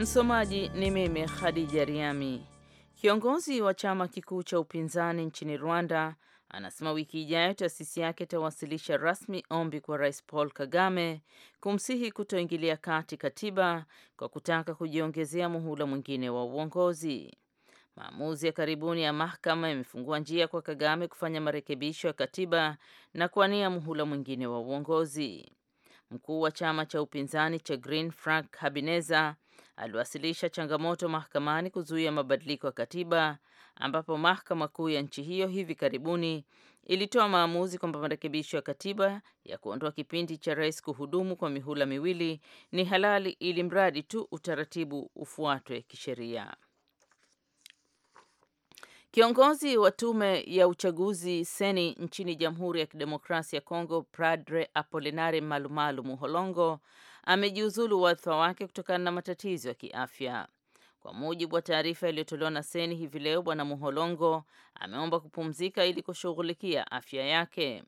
Msomaji ni mimi Khadija Riami. Kiongozi wa chama kikuu cha upinzani nchini Rwanda anasema wiki ijayo taasisi yake itawasilisha rasmi ombi kwa Rais Paul Kagame kumsihi kutoingilia kati katiba kwa kutaka kujiongezea muhula mwingine wa uongozi. Maamuzi ya karibuni ya mahakama yamefungua njia kwa Kagame kufanya marekebisho ya katiba na kuania muhula mwingine wa uongozi. Mkuu wa chama cha upinzani cha Green Frank Habineza aliwasilisha changamoto mahakamani kuzuia mabadiliko ya katiba, ambapo mahakama kuu ya nchi hiyo hivi karibuni ilitoa maamuzi kwamba marekebisho ya katiba ya kuondoa kipindi cha rais kuhudumu kwa mihula miwili ni halali, ili mradi tu utaratibu ufuatwe kisheria. Kiongozi wa tume ya uchaguzi seni nchini Jamhuri ya Kidemokrasia ya Kongo, Pradre apolinari Malumalu Muholongo amejiuzulu wadhifa wake kutokana na matatizo ya kiafya. Kwa mujibu wa taarifa iliyotolewa na seni hivi leo, bwana Muholongo ameomba kupumzika ili kushughulikia afya yake.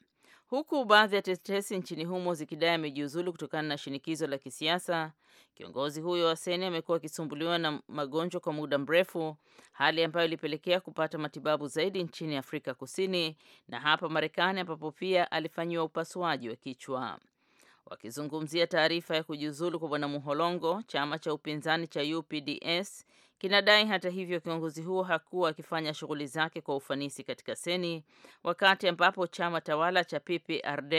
Huku baadhi ya tetesi nchini humo zikidai amejiuzulu kutokana na shinikizo la kisiasa, kiongozi huyo wa Seni amekuwa akisumbuliwa na magonjwa kwa muda mrefu, hali ambayo ilipelekea kupata matibabu zaidi nchini Afrika Kusini na hapa Marekani, ambapo pia alifanyiwa upasuaji wa kichwa. Wakizungumzia taarifa ya kujiuzulu kwa bwana Muholongo, chama cha upinzani cha UPDS kinadai hata hivyo kiongozi huo hakuwa akifanya shughuli zake kwa ufanisi katika Seni, wakati ambapo chama tawala cha PPRD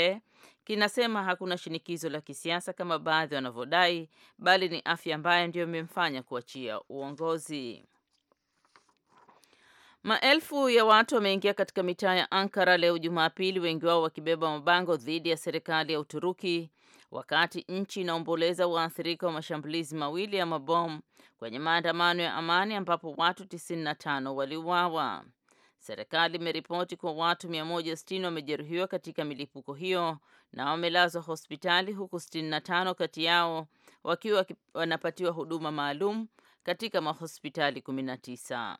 kinasema hakuna shinikizo la kisiasa kama baadhi wanavyodai, bali ni afya ambayo ndiyo imemfanya kuachia uongozi. Maelfu ya watu wameingia katika mitaa ya Ankara leo Jumapili, wengi wao wakibeba mabango dhidi ya serikali ya Uturuki wakati nchi inaomboleza waathirika wa mashambulizi mawili ya mabomu kwenye maandamano ya amani ambapo watu 95 waliuawa. Serikali imeripoti kuwa watu 160 wamejeruhiwa katika milipuko hiyo na wamelazwa hospitali huku 65 kati yao wakiwa wanapatiwa huduma maalum katika mahospitali 19.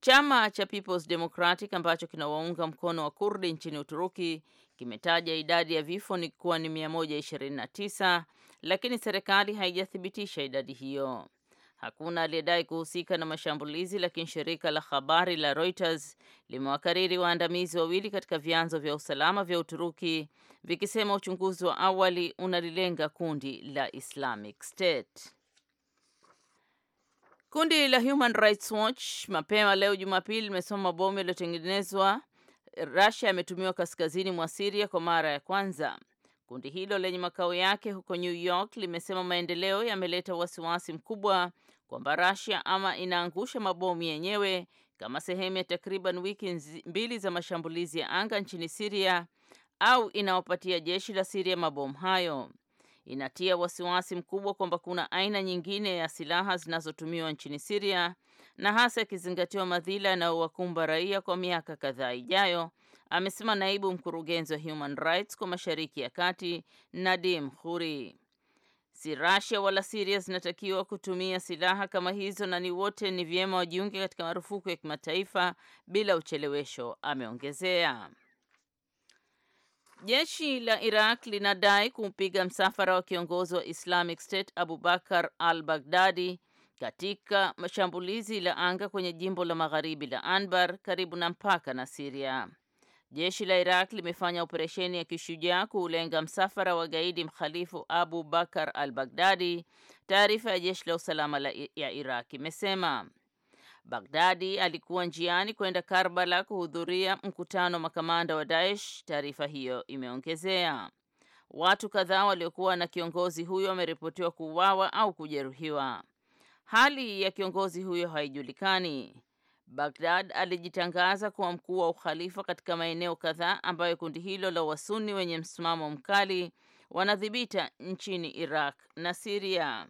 Chama cha People's Democratic ambacho kinawaunga mkono wa Kurdi nchini Uturuki kimetaja idadi ya vifo ni kuwa ni 129, lakini serikali haijathibitisha idadi hiyo. Hakuna aliyedai kuhusika na mashambulizi, lakini shirika la habari la Reuters limewakariri waandamizi wawili katika vyanzo vya usalama vya Uturuki vikisema uchunguzi wa awali unalilenga kundi la Islamic State. Kundi la Human Rights Watch mapema leo Jumapili limesoma mabomu yaliyotengenezwa Russia ametumiwa kaskazini mwa Syria kwa mara ya kwanza. Kundi hilo lenye makao yake huko New York limesema maendeleo yameleta wasiwasi mkubwa kwamba Russia ama inaangusha mabomu yenyewe kama sehemu ya takriban wiki mbili za mashambulizi ya anga nchini Syria au inawapatia jeshi la Syria mabomu hayo. Inatia wasiwasi mkubwa kwamba kuna aina nyingine ya silaha zinazotumiwa nchini Syria na hasa yakizingatiwa madhila yanayowakumba raia kwa miaka kadhaa ijayo, amesema naibu mkurugenzi wa Human Rights kwa Mashariki ya Kati Nadim Khuri. Si Russia wala Syria zinatakiwa kutumia silaha kama hizo, na ni wote ni vyema wajiunge katika marufuku ya kimataifa bila uchelewesho, ameongezea. Jeshi la Iraq linadai kumpiga msafara wa kiongozi wa Islamic State abubakar al-Baghdadi katika mashambulizi la anga kwenye jimbo la magharibi la Anbar karibu na mpaka na Siria. Jeshi la Iraq limefanya operesheni ya kishujaa kuulenga msafara wa gaidi mkhalifu Abu Bakar al-Baghdadi, taarifa ya jeshi la usalama la ya Iraq imesema. Baghdadi alikuwa njiani kwenda Karbala kuhudhuria mkutano wa makamanda wa Daesh, taarifa hiyo imeongezea. Watu kadhaa waliokuwa na kiongozi huyo wameripotiwa kuuawa au kujeruhiwa. Hali ya kiongozi huyo haijulikani. Baghdad alijitangaza kuwa mkuu wa ukhalifa katika maeneo kadhaa ambayo kundi hilo la Wasuni wenye msimamo mkali wanadhibita nchini Iraq na Siria.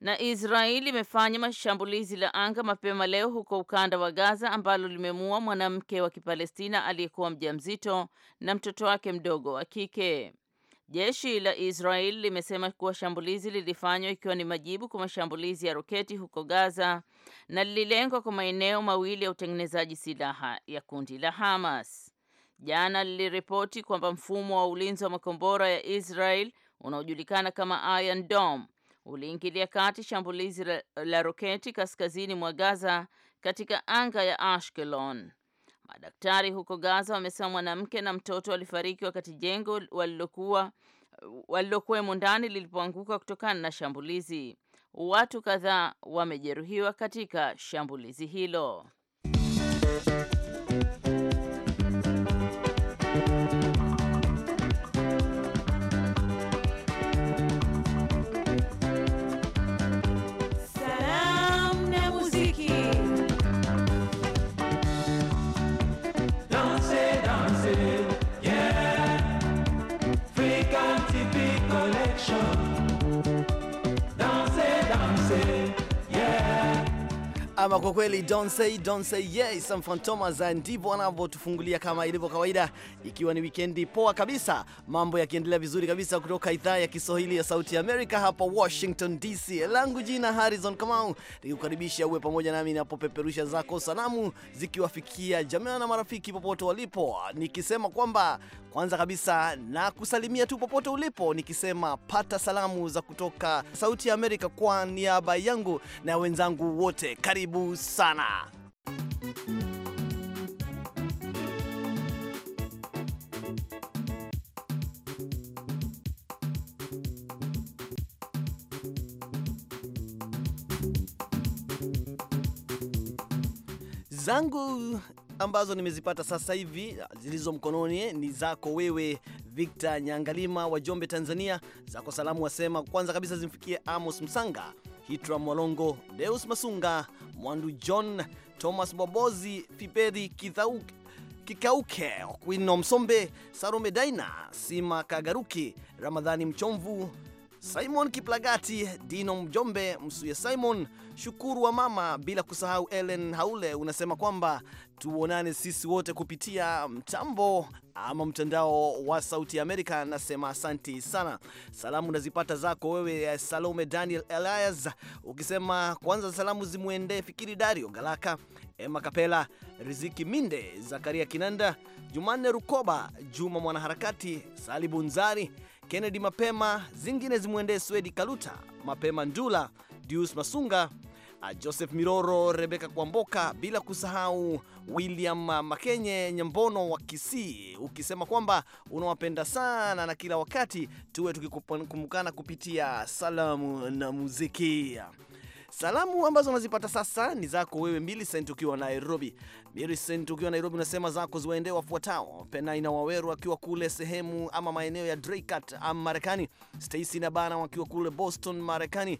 Na Israeli imefanya mashambulizi la anga mapema leo huko ukanda wa Gaza ambalo limemuua mwanamke wa Kipalestina aliyekuwa mjamzito na mtoto wake mdogo wa kike. Jeshi la Israel limesema kuwa shambulizi lilifanywa ikiwa ni majibu kwa mashambulizi ya roketi huko Gaza na lililengwa kwa maeneo mawili ya utengenezaji silaha ya kundi la Hamas. Jana liliripoti kwamba mfumo wa ulinzi wa makombora ya Israel unaojulikana kama Iron Dome uliingilia kati shambulizi la, la roketi kaskazini mwa Gaza katika anga ya Ashkelon. Madaktari huko Gaza wamesema mwanamke na mtoto walifariki wakati jengo walilokuwa walilokuwemo ndani lilipoanguka kutokana na shambulizi. Watu kadhaa wamejeruhiwa katika shambulizi hilo. Ama kwa kweli don't say, don't say yes, Sam Fantomas ndivyo wanavyotufungulia kama ilivyo kawaida, ikiwa ni wikendi poa kabisa, mambo yakiendelea vizuri kabisa, kutoka idhaa ya Kiswahili ya Sauti ya Amerika hapa Washington DC. Langu jina Harrison Kamau, nikukaribisha uwe pamoja nami napopeperusha zako salamu zikiwafikia jamaa na marafiki popote walipo, nikisema kwamba kwanza kabisa na kusalimia tu popote ulipo, nikisema pata salamu za kutoka Sauti ya Amerika kwa niaba yangu na wenzangu wote, karibu karibu sana. zangu ambazo nimezipata sasa hivi zilizo mkononi ni zako wewe Victor Nyangalima wa Jombe, Tanzania. Zako salamu wasema kwanza kabisa zimfikie Amos Msanga Hitra Mwalongo, Deus Masunga, Mwandu John, Thomas Bobozi, Piperi Kithauke, Kikauke, Okwino Msombe, Sarume Daina, Sima Kagaruki, Ramadhani Mchomvu, Simon Kiplagati, Dino Mjombe, Msuya Simon, Shukuru wa mama, bila kusahau Ellen Haule. Unasema kwamba tuonane sisi wote kupitia mtambo ama mtandao wa Sauti ya Amerika. Nasema asanti sana. Salamu nazipata zako wewe Salome Daniel Elias, ukisema kwanza salamu zimwendee Fikiri Dario Galaka, Emma Kapela, Riziki Minde, Zakaria Kinanda, Jumanne Rukoba, Juma Mwanaharakati, salibu nzari Kennedy Mapema, zingine zimwendee Swedi Kaluta, Mapema Ndula, Dius Masunga, Joseph Miroro, Rebeka Kwamboka, bila kusahau William Makenye Nyambono wa Kisii, ukisema kwamba unawapenda sana na kila wakati tuwe tukikumbukana kupitia salamu na muziki. Salamu ambazo unazipata sasa ni zako wewe sent ukiwa Nairobi. sent ukiwa Nairobi unasema zako ziwaendee wafuatao: Penaina Waweru akiwa kule sehemu ama maeneo ya Draycott ama Marekani, Stacy na Bana wakiwa kule Boston Marekani,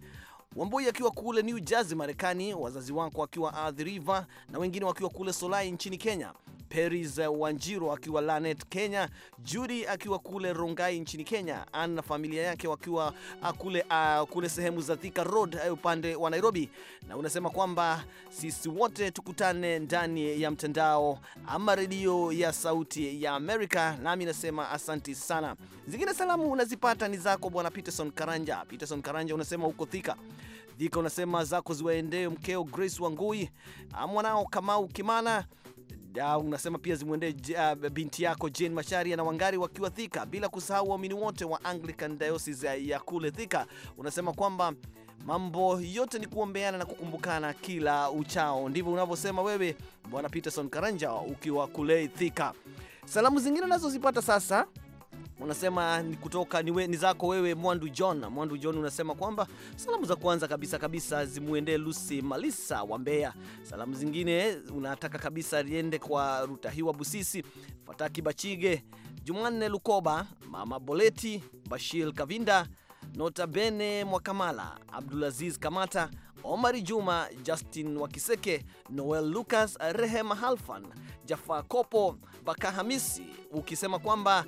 Wamboi akiwa kule New Jersey, Marekani, wazazi wako akiwa Athi River na wengine wakiwa kule Solai nchini Kenya, Peris Wanjiro akiwa Lanet, Kenya, judi akiwa kule Rongai nchini Kenya, ana na familia yake wakiwa ah, kule, uh, kule sehemu za Thika Road eh, upande wa Nairobi, na unasema kwamba sisi wote tukutane ndani ya mtandao ama redio ya Sauti ya Amerika, nami nasema asanti sana. Zingine salamu unazipata ni zako Bwana Peterson Karanja. Peterson Karanja unasema huko Thika Vika unasema zako ziwaendee mkeo Grace Wangui, mwanao Kamau Kimana. Da, unasema pia zimwendee uh, binti yako Jane masharia na Wangari wakiwa Thika, bila kusahau waumini wote wa Anglican Diocese ya kule Thika. Unasema kwamba mambo yote ni kuombeana na kukumbukana kila uchao. Ndivyo unavyosema wewe Bwana Peterson Karanja ukiwa kule Thika. Salamu zingine nazozipata sasa unasema ni kutoka ni, we, ni zako wewe Mwandu John. Mwandu John unasema kwamba salamu za kwanza kabisa kabisa zimuendee Lucy Malisa wa Mbeya. Salamu zingine unataka kabisa liende kwa Rutahiwa Busisi, Fataki Bachige, Jumanne Lukoba, Mama Boleti, Bashir Kavinda, Bene Mwakamala, Abdulaziz Kamata, Omari Juma, Justin Wakiseke, Noel Lucas, Rehema Halfan, Jafar Kopo, bakahamisi ukisema kwamba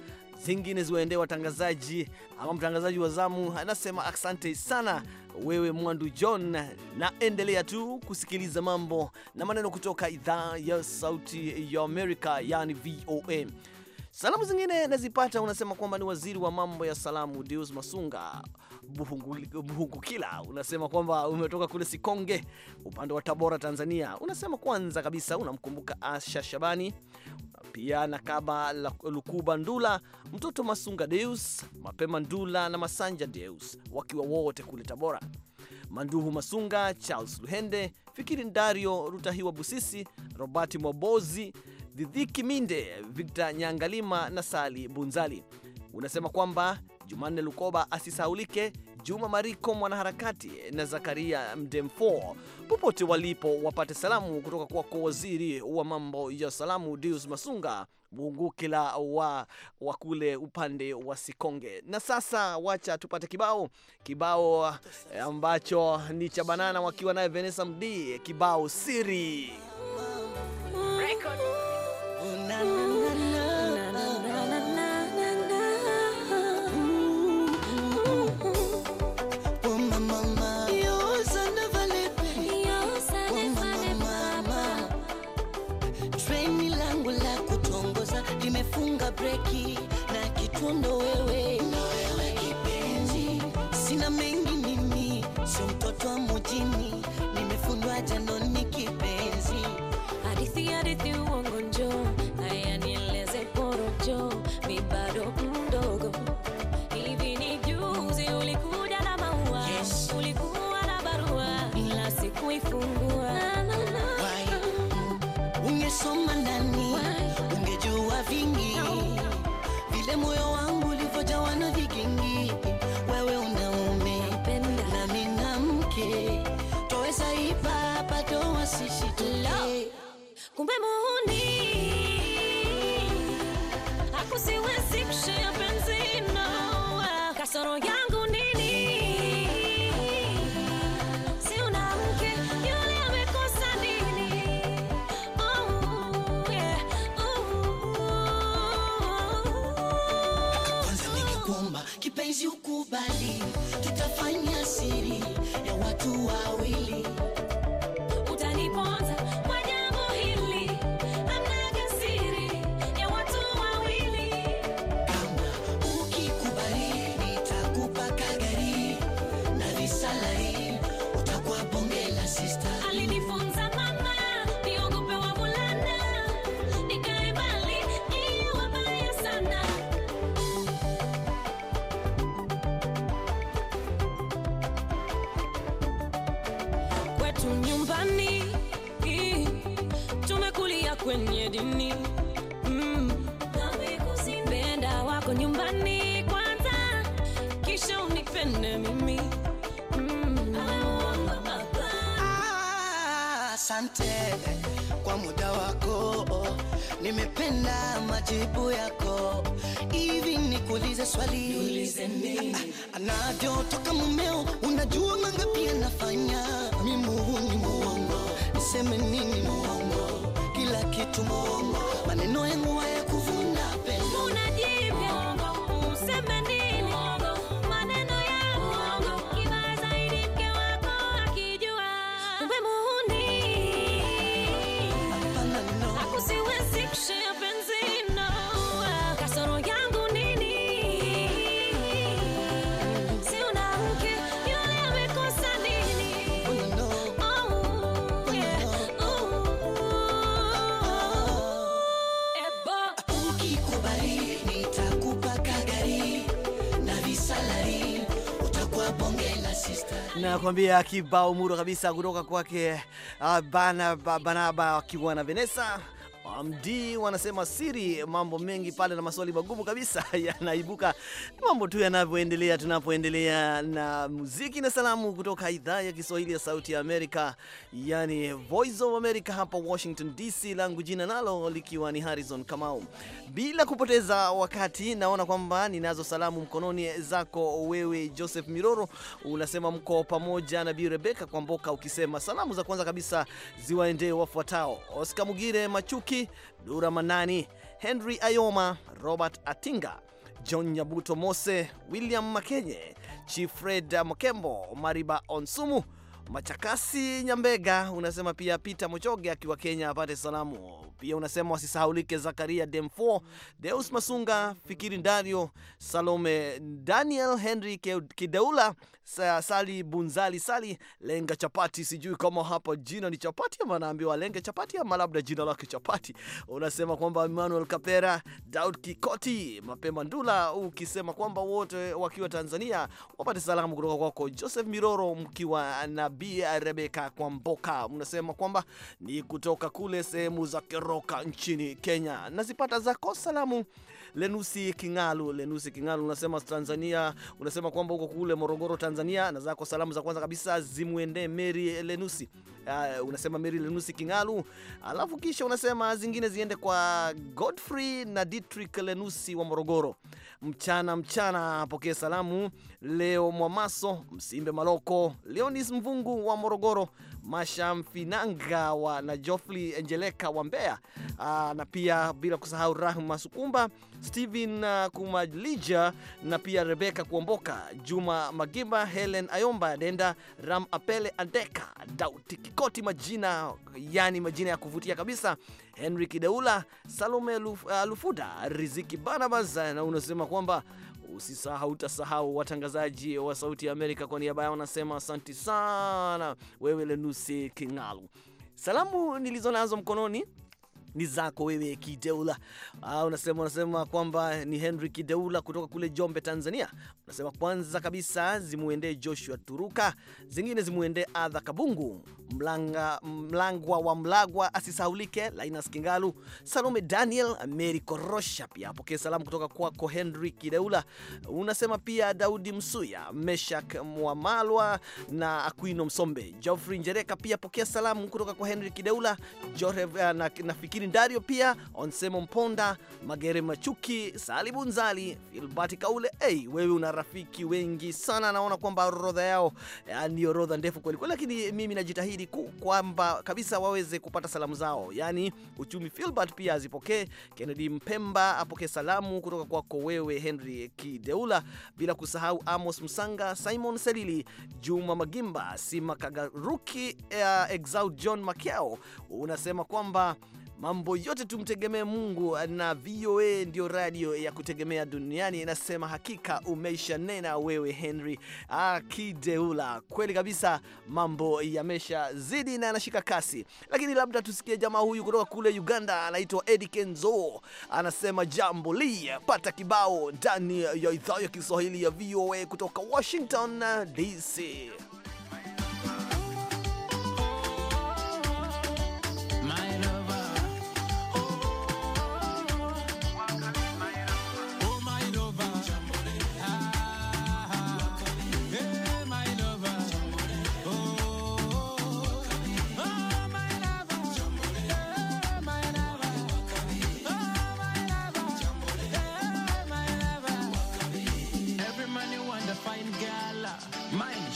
zingine ziwaende watangazaji ama mtangazaji wa zamu anasema asante sana wewe Mwandu John, na endelea tu kusikiliza mambo na maneno kutoka idhaa ya Sauti ya Amerika, yani VOA. Salamu zingine nazipata, unasema kwamba ni waziri wa mambo ya salamu Deus Masunga Buhungukila kila, Unasema kwamba umetoka kule Sikonge upande wa Tabora, Tanzania. Unasema kwanza kabisa unamkumbuka Asha Shabani, pia na Kaba Lukuba Ndula, mtoto Masunga Deus, Mapema Ndula na Masanja Deus wakiwa wote kule Tabora. Manduhu Masunga, Charles Luhende, Fikiri Ndario Rutahiwa Busisi, robati Mwabozi Didhiki Minde, Victor Nyangalima na Sali Bunzali. Unasema kwamba Jumanne Lukoba asisaulike, Juma Mariko mwanaharakati na Zakaria Mdemfo popote walipo wapate salamu kutoka kwako waziri wa mambo ya salamu Dius Masunga Mungukila wa, wa kule upande wa Sikonge. Na sasa wacha tupate kibao kibao eh, ambacho ni cha Banana wakiwa naye Vanessa Mdi, kibao siri Breaky. kwa muda wako, nimependa majibu yako. Hivi nikuulize swali, niulize ah, ah, Anavyotoka mumeo, unajua mangapi nafanya Mi muhuni muongo, niseme nini? Muongo, kila kitu muongo, maneno yangu haya nakwambia kibao muro kabisa kutoka kwake ah, Bana Banaba akiwa na Vanessa Mdi wanasema siri, mambo mengi pale na maswali magumu kabisa yanaibuka. Mambo tu yanavyoendelea, tunapoendelea na muziki na salamu kutoka idhaa ya Kiswahili ya Sauti ya Amerika, yani Voice of America hapa Washington DC, langu jina nalo likiwa ni Harrison Kamau. Bila kupoteza wakati, naona kwamba ninazo salamu mkononi zako wewe Joseph Miroro, unasema mko pamoja na Bi Rebeka Kwamboka, ukisema salamu za kwanza kabisa ziwaendee wafuatao: Oscar Mugire Machuki Dura Manani, Henry Ayoma, Robert Atinga, John Nyabuto Mose, William Makenye, Chief Fred Mokembo, Mariba Onsumu Machakasi Nyambega unasema pia Peter Mochoge akiwa Kenya apate salamu. Pia unasema wasisahaulike Zakaria Demfo, Deus Masunga, Fikiri Dario, Salome Daniel, Henry Kideula, Sali Bunzali, Sali Lenga Chapati. Sijui kama hapo jina ni chapati ama naambiwa Lenga Chapati ama labda jina lake Chapati. Unasema kwamba Emmanuel Kapera, Daud Kikoti, Mapema Ndula, ukisema kwamba wote wakiwa Tanzania wapate salamu kutoka kwako Joseph Miroro mkiwa na Bi Rebeka Kwamboka, unasema kwamba ni kutoka kule sehemu za Keroka nchini Kenya. Nazipata zako salamu. Lenusi Kingalu, Lenusi Kingalu unasema Tanzania, unasema kwamba huko kule Morogoro, Tanzania, na zako salamu za kwanza kabisa zimwendee Mary Lenusi. Uh, unasema Mary Lenusi Kingalu, alafu kisha unasema zingine ziende kwa Godfrey na Dietrich Lenusi wa Morogoro. Mchana mchana apokee salamu leo Mwamaso Msimbe Maloko, Leonis Mvungu Mungu wa Morogoro, Masha Mfinanga wa, na Jofli Enjeleka wa Mbeya, ah, na pia bila kusahau Rahma Sukumba, Steven ah, Kumalija na pia Rebeka Kuomboka, Juma Magimba, Helen Ayomba Denda, Ram Apele Andeka, Dauti Kikoti, majina yani majina ya kuvutia kabisa, Henry Kideula, Salome ah, Lufuda, Riziki Barnabas, na unasema kwamba Usisahau, utasahau watangazaji wa Sauti ya Amerika. Kwa niaba yao nasema asanti sana, wewe Lenusi Kingalu. Salamu nilizo nazo mkononi ni zako wewe Kideula. Ah, unasema unasema kwamba ni Henry Kideula kutoka kule Jombe, Tanzania. Unasema kwanza kabisa zimuendee Joshua Turuka, zingine zimuendee Adha Kabungu, Mlanga Mlangwa wa Mlagwa asisaulike, Linus Kingalu, Salome Daniel, Mary Korosha pia apokee salamu kutoka kwako Henry Kideula. Unasema pia Daudi Msuya, Meshak Mwamalwa na Aquino Msombe, Geoffrey Njereka pia apokea salamu kutoka kwa Henry Kideula, Jorge na, na lakini Dario pia Onsemo Mponda, Magere Machuki, Salibu Nzali, Filbati Kaule. Hey, wewe una rafiki wengi sana, naona kwamba orodha yao eh, ni orodha ndefu kweli kweli, lakini mimi najitahidi kwamba kabisa waweze kupata salamu zao, yani uchumi Filbert pia azipokee, Kennedy Mpemba apokee salamu kutoka kwako wewe Henry Kideula, bila kusahau Amos Msanga, Simon Selili, Juma Magimba, Sima Kagaruki, eh, Exaud John Makao. Unasema kwamba Mambo yote tumtegemee Mungu, na VOA ndio radio ya kutegemea duniani inasema, hakika umeisha nena wewe Henry Akideula. Kweli kabisa, mambo yamesha zidi na yanashika kasi, lakini labda tusikie jamaa huyu kutoka kule Uganda, anaitwa Eddie Kenzo, anasema jambo li pata kibao ndani ya idhaa ya Kiswahili ya VOA kutoka Washington DC.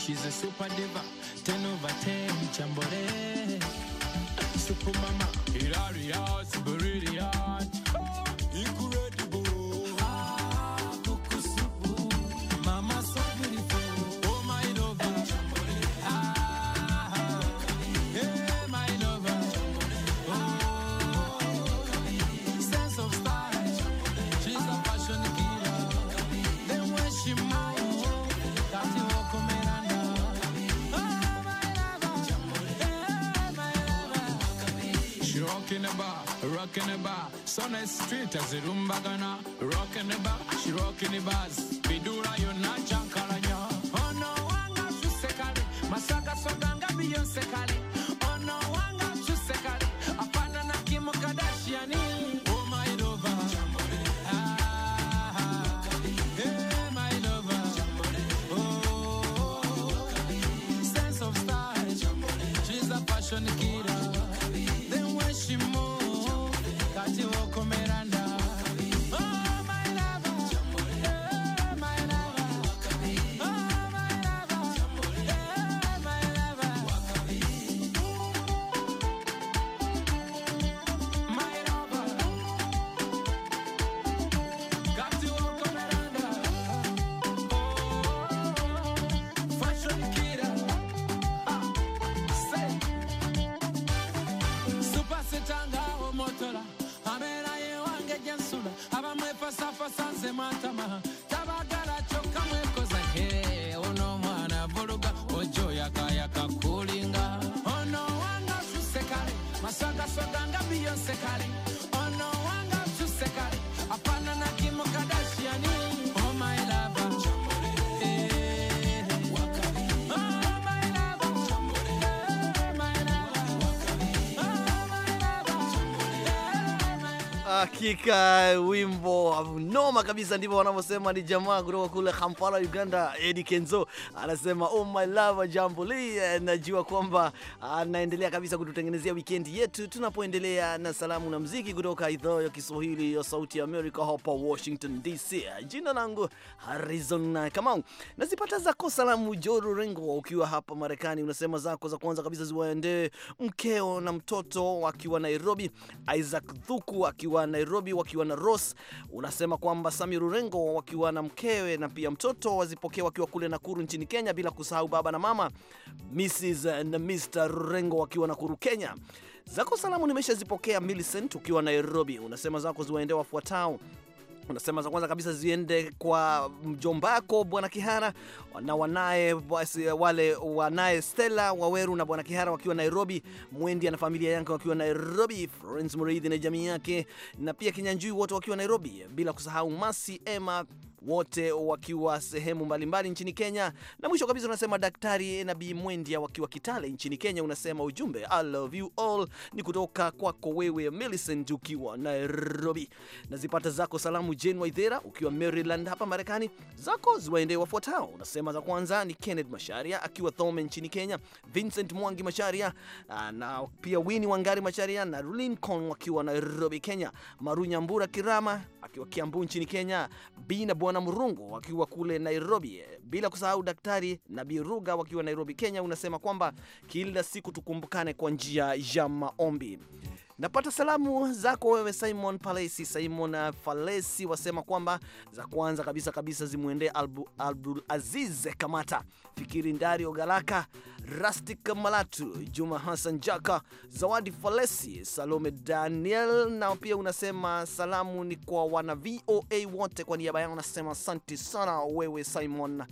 She's a super diva, 10 over 10, chambore. Super mama, irari out, ah, super really out. Oh, dress straight as a Roomba Ghana. Rocking the bar, she rocking the bars. Bidura yona chankaranya. Oh no, I'm not anga shusekale. Masaka soganga beyonsekale. Hakika wimbo noma kabisa, ndivyo wanavyosema. Ni jamaa kutoka kule Kampala, Uganda, Eddie Kenzo anasema oh my love, jambolee. Najua kwamba anaendelea ah, kabisa kututengenezea wikendi yetu tunapoendelea na salamu na mziki kutoka idhaa ya Kiswahili ya Sauti ya Amerika hapa Washington DC. Jina langu Harrison Kamau. Nazipata zako salamu Joru Rengo, ukiwa hapa Marekani, unasema zako za kwanza kabisa ziwaendee mkeo na mtoto wakiwa Nairobi, Isaac Thuku akiwa Nairobi, wakiwa na Ross. Unasema kwamba Sami Rurengo wakiwa na mkewe na pia mtoto wazipokea wakiwa kule Nakuru nchini Kenya, bila kusahau baba na mama Mrs. Eh, na Mr. Rurengo wakiwa Nakuru Kenya. Zako salamu nimeshazipokea. Millicent ukiwa Nairobi, unasema zako ziwaende wafuatao unasema za kwanza kabisa ziende kwa mjombako Bwana Kihara na wanaye eh, wale wanaye Stella Waweru na Bwana Kihara wakiwa Nairobi, Mwendi na familia yake wakiwa Nairobi, Florence Muriithi na jamii yake, na pia Kinyanjui wote wakiwa Nairobi, bila kusahau Masi Emma wote wakiwa sehemu mbalimbali nchini Kenya. Na mwisho kabisa unasema Daktari Nabii Mwendia wakiwa Kitale nchini Kenya, unasema ujumbe I love you all ni kutoka kwako wewe Millicent ukiwa Nairobi. Nazipata zako salamu Jane Waithera ukiwa Maryland hapa Marekani, zako ziwaendee wafuatao. Unasema za kwanza ni Kenneth Masharia akiwa Thome nchini Kenya, Vincent Mwangi Masharia ah, na pia Winnie Wangari Masharia na Rulin Kon wakiwa Nairobi Kenya, Marunyambura Kirama akiwa Kiambu nchini Kenya, Bi na Bwana Murungu wakiwa kule Nairobi, bila kusahau Daktari na Bi Ruga wakiwa Nairobi, Kenya. Unasema kwamba kila siku tukumbukane kwa njia ya maombi. Napata salamu zako wewe Simon Palesi. Simon Falesi wasema kwamba za kwanza kabisa kabisa zimwendee Abdul Aziz Kamata, Fikiri Ndario, Galaka Rastik Malatu, Juma Hassan Jaka, Zawadi Falesi, Salome Daniel, na pia unasema salamu ni kwa wana VOA wote. Kwa niaba yao nasema asante sana wewe Simon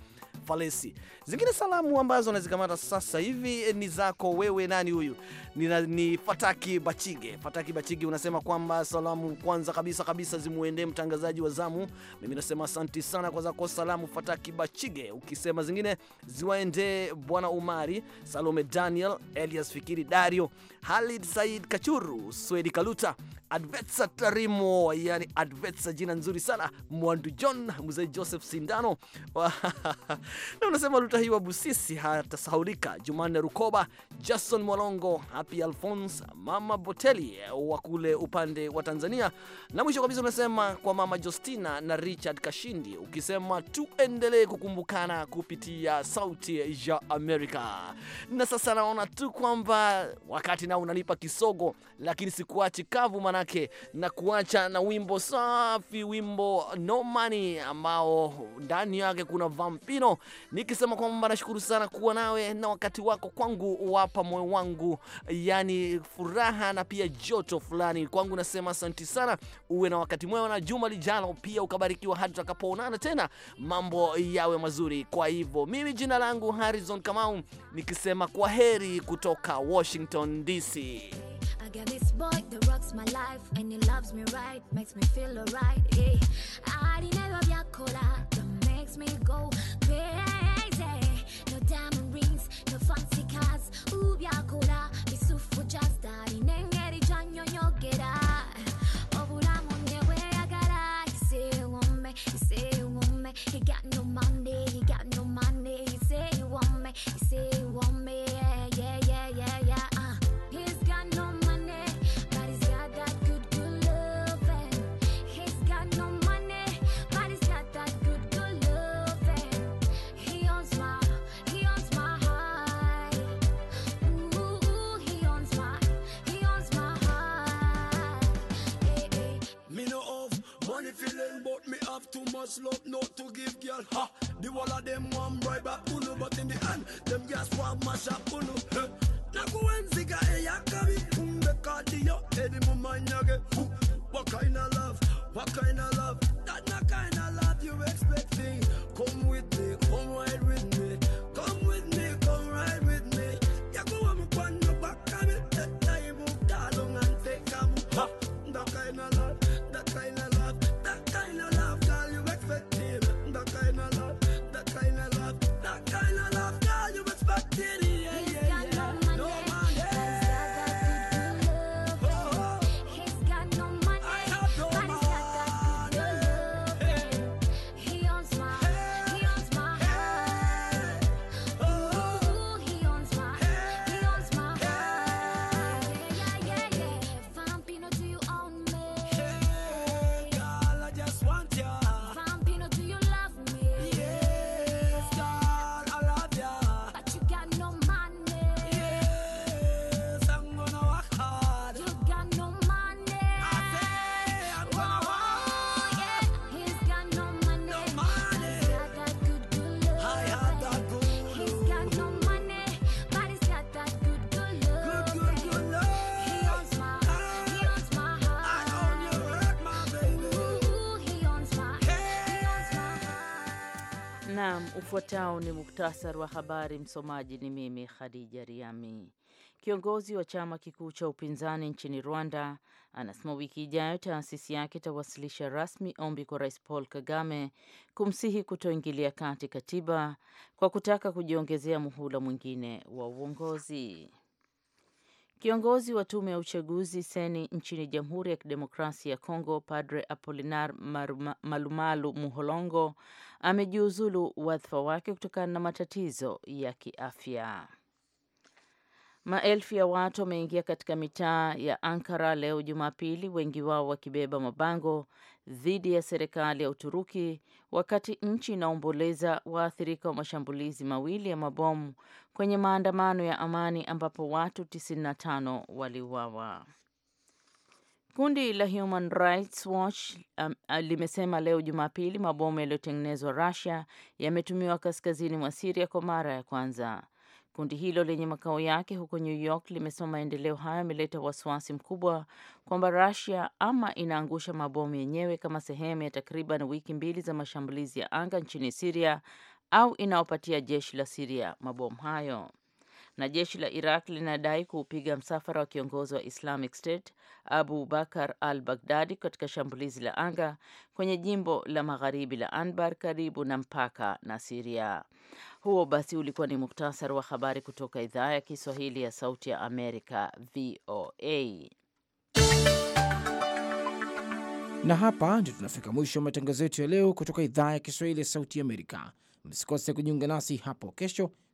Falesi. Zingine salamu ambazo nazikamata sasa hivi eh, ni zako wewe, nani huyu? Ni, ni Fataki Bachige. Fataki Bachige unasema kwamba salamu kwanza kabisa kabisa zimuendee mtangazaji wa zamu. Mimi nasema asanti sana kwa zako salamu Fataki Bachige, ukisema zingine ziwaendee Bwana Umari, Salome Daniel, Elias Fikiri, Dario Halid, Said Kachuru, Swedi Kaluta Advetsa Tarimo, yani Advetsa, jina nzuri sana, Mwandu John, mzee Joseph Sindano na unasema Lutahiwa Busisi hata hatasahaulika, Jumanne Rukoba, Jason Mwalongo, Happy Alphonse, mama Boteli wa kule upande wa Tanzania, na mwisho kabisa unasema kwa mama Justina na Richard Kashindi, ukisema tuendelee kukumbukana kupitia Sauti ya America. Na sasa naona tu kwamba wakati nao unanipa kisogo, lakini sikuachi kavu maana yake na kuacha na wimbo safi, wimbo No Money ambao ndani yake kuna Vampino, nikisema kwamba nashukuru sana kuwa nawe na wakati wako kwangu, wapa moyo wangu yani furaha na pia joto fulani kwangu. Nasema asanti sana, uwe na wakati mwema na juma lijalo pia ukabarikiwa, hadi tutakapoonana tena, mambo yawe mazuri. Kwa hivyo mimi jina langu Harrison Kamau nikisema kwa heri kutoka Washington DC. I got this boy, the rock my life and he loves me right, makes me feel alright. Yeah. I dinero biacola, that makes me go crazy. No diamond rings, no fancy cars. Ooh, biacola, mi suffo già stare. Nengeri già gnognogherà. he say he say he got no feeling, but me have too much love not to give, girl. Ha! The wall of them one bribe up, uno, but in the end, them gas want mash up, uno. Now go and zigga, hey, mm, I got me, boom, the cardio, hey, the mama, nyage, What kind of love? What kind of love? That not kind of love you expecting. Come with me, come ride with me. Naam, ufuatao ni muktasar wa habari. Msomaji ni mimi Khadija Riami. Kiongozi wa chama kikuu cha upinzani nchini Rwanda anasema wiki ijayo taasisi yake itawasilisha rasmi ombi kwa Rais Paul Kagame kumsihi kutoingilia kati katiba kwa kutaka kujiongezea muhula mwingine wa uongozi. Kiongozi wa tume ya uchaguzi seni nchini Jamhuri ya Kidemokrasia ya Kongo, Padre Apolinar Malumalu Muholongo amejiuzulu wadhifa wake kutokana na matatizo ya kiafya. Maelfu ya watu wameingia katika mitaa ya Ankara leo Jumapili, wengi wao wakibeba mabango dhidi ya serikali ya Uturuki, wakati nchi inaomboleza waathirika wa mashambulizi mawili ya mabomu kwenye maandamano ya amani ambapo watu 95 waliuawa. Kundi la Human Rights Watch um, limesema leo Jumapili mabomu yaliyotengenezwa Russia yametumiwa kaskazini mwa siria kwa mara ya kwanza. Kundi hilo lenye makao yake huko New York limesema maendeleo hayo yameleta wasiwasi mkubwa kwamba Russia ama inaangusha mabomu yenyewe kama sehemu ya takriban wiki mbili za mashambulizi ya anga nchini siria au inaopatia jeshi la siria mabomu hayo na jeshi la Iraq linadai kuupiga msafara wa kiongozi wa Islamic State Abu Bakar al Baghdadi katika shambulizi la anga kwenye jimbo la magharibi la Anbar karibu na mpaka na Siria. Huo basi ulikuwa ni muktasari wa habari kutoka idhaa ya Kiswahili ya Sauti ya Amerika, VOA. Na hapa ndio tunafika mwisho wa matangazo yetu ya leo kutoka idhaa ya Kiswahili ya Sauti Amerika. Msikose kujiunga nasi hapo kesho